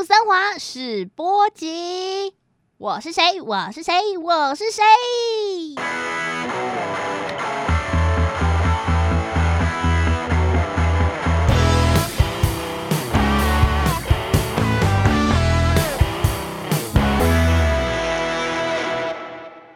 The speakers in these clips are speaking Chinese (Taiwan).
路森華試播集，我是誰？我是誰？我是誰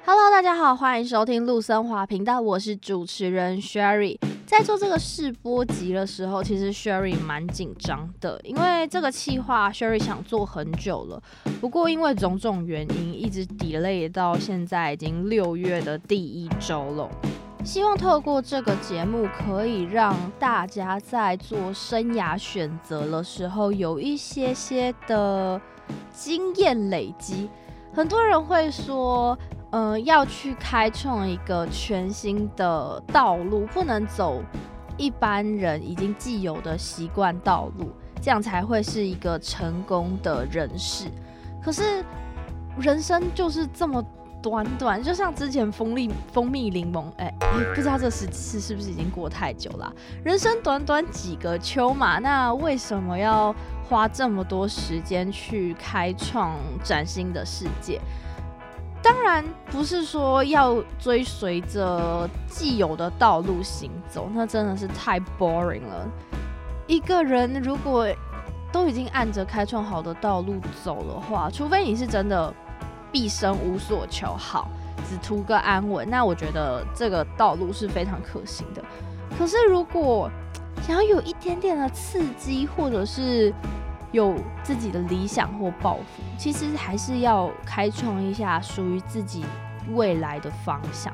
？Hello，大家好，歡迎收聽路森華頻道，我是主持人 Sherry。在做這個試播集的時候，其實 Sherry 蠻緊張的，因為這個企劃 Sherry 想做很久了。不過因為種種原因，一直 delay 到現在已經六月的第一週了。希望透過這個節目，可以讓大家在做生涯選擇的時候有一些些的經驗累積。很多人會說。嗯、呃，要去開創一個全新的道路，不能走一般人已經既有的習慣道路，這樣才會是一個成功的人士。可是人生就是這麼短短，就像之前蜂蜜蜂蜜檸檬，哎、欸欸，不知道這十幾次是不是已經過太久了、啊？人生短短幾個秋嘛，那為什麼要花這麼多時間去開創嶄新的世界？當然不是說要追隨着既有的道路行走，那真的是太 boring 了。一個人如果都已經按着開創好的道路走的話，除非你是真的畢生無所求，好，只圖個安穩，那我覺得這個道路是非常可行的。可是如果想要有一點點的刺激，或者是……有自己的理想或抱負，其實還是要開創一下屬於自己未來的方向。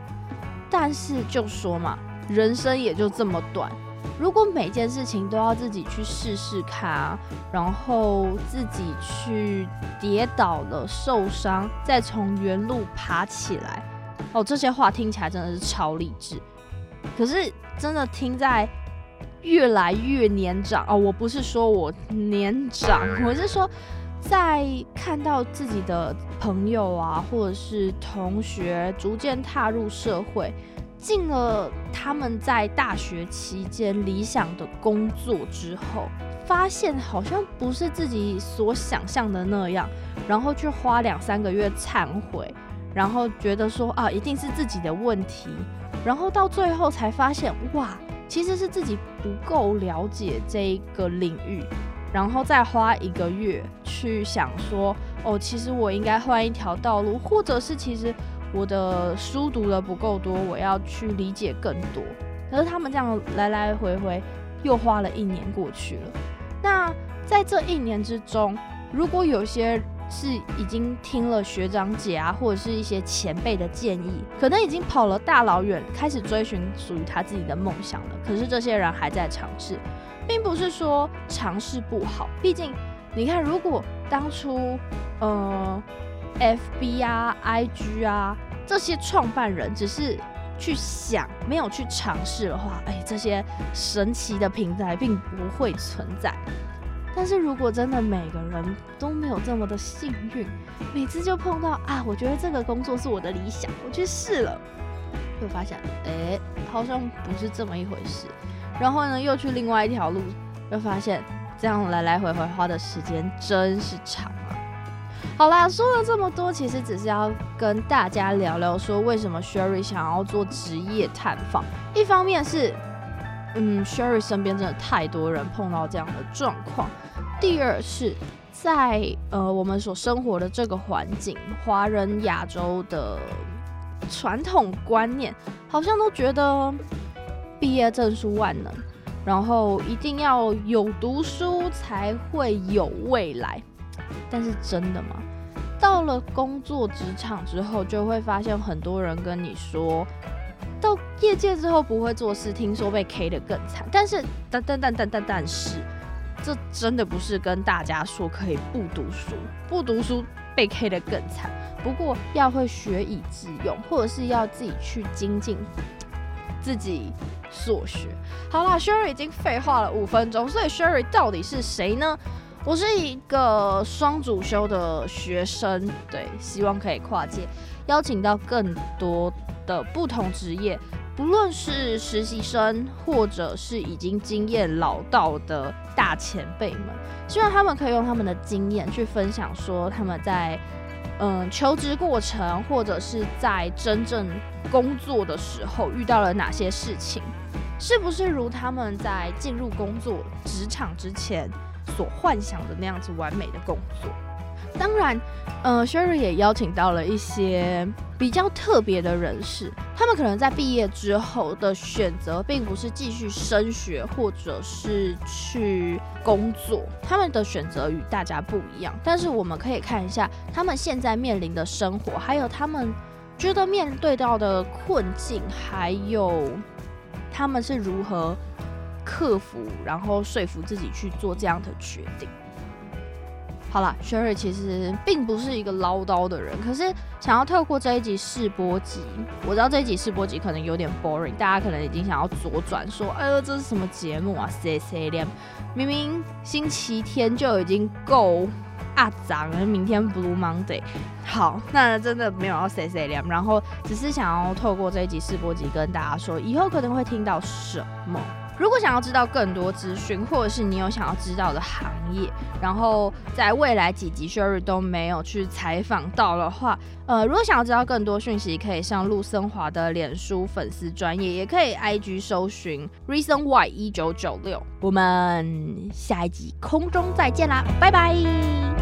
但是就說嘛，人生也就這麼短，如果每件事情都要自己去試試看啊，然後自己去跌倒了、受傷，再從原路爬起來，哦，這些話聽起來真的是超勵志。可是真的聽在。越來越年長哦，我不是說我年長，我是說，在看到自己的朋友啊，或者是同學逐漸踏入社會，進了他們在大學期間理想的工作之後，發現好像不是自己所想象的那樣，然後去花兩三個月懺悔，然後覺得說啊，一定是自己的問題，然後到最後才發現哇，其實是自己不夠了解這一個領域，然後再花一個月去想說，哦，其實我應該換一條道路，或者是其實我的書讀的不夠多，我要去理解更多。可是他們這樣來來回回，又花了一年過去了。那在這一年之中，如果有些是已經聽了學長姐啊，或者是一些前輩的建議，可能已經跑了大老遠，開始追尋屬於他自己的夢想了。可是這些人還在嘗試，並不是說嘗試不好。畢竟，你看，如果當初，呃，FB 啊，IG 啊，這些創辦人只是去想，沒有去嘗試的話，哎，這些神奇的平台並不會存在。但是如果真的每個人都沒有這麼的幸運，每次就碰到啊，我覺得這個工作是我的理想，我去試了，又發現哎、欸，好像不是這麼一回事。然後呢，又去另外一條路，又發現這樣來來回回花的時間真是長啊。好啦，說了這麼多，其實只是要跟大家聊聊說為什麼 Sherry 想要做職業探訪，一方面是。嗯，Sherry 身邊真的太多人碰到這樣的狀況。第二是，在呃我們所生活的這個環境，華人亞洲的傳統觀念好像都覺得畢業證書萬能，然後一定要有讀書才會有未來。但是真的嗎？到了工作職場之後，就會發現很多人跟你說。業界之後不會做事，聽說被 K 得更慘。但是，但但但但但但是，這真的不是跟大家說可以不讀書，不讀書被 K 得更慘。不過要會學以致用，或者是要自己去精進自己所學。好啦，Sherry 已經廢話了五分鐘，所以 Sherry 到底是誰呢？我是一個雙主修的學生，對，希望可以跨界，邀請到更多的不同職業。不論是實習生，或者是已經經驗老到的大前輩們，希望他們可以用他們的經驗去分享，說他們在嗯、呃、求職過程，或者是在真正工作的時候遇到了哪些事情，是不是如他們在進入工作職場之前所幻想的那樣子完美的工作？當然，嗯、呃，Sherry 也邀請到了一些。比較特別的人是，他們可能在畢業之後的選擇，並不是繼續升學，或者是去工作，他們的選擇與大家不一樣。但是我們可以看一下他們現在面臨的生活，還有他們覺得面對到的困境，還有他們是如何克服，然後說服自己去做這樣的決定。好了，Sherry 其實並不是一個嘮叨的人，可是，想要透過這一集試播集，我知道這一集試播集可能有點 boring，大家可能已經想要左轉說：“哎呦，這是什麼節目啊？”洗洗臉。明明星期天就已經夠惆悵了，明天 Blue Monday。好，那真的沒有要洗洗臉，然後只是想要透過這一集試播集跟大家說，以後可能會聽到什麼。如果想要知道更多資訊，或者是你有想要知道的行業，然後在未來幾集 show 都沒有去採訪到的話，呃，如果想要知道更多訊息，可以上路森華的臉書粉絲專頁，也可以 I G 搜尋 Reason Why 一九九六。我們下一集空中再見啦，拜拜。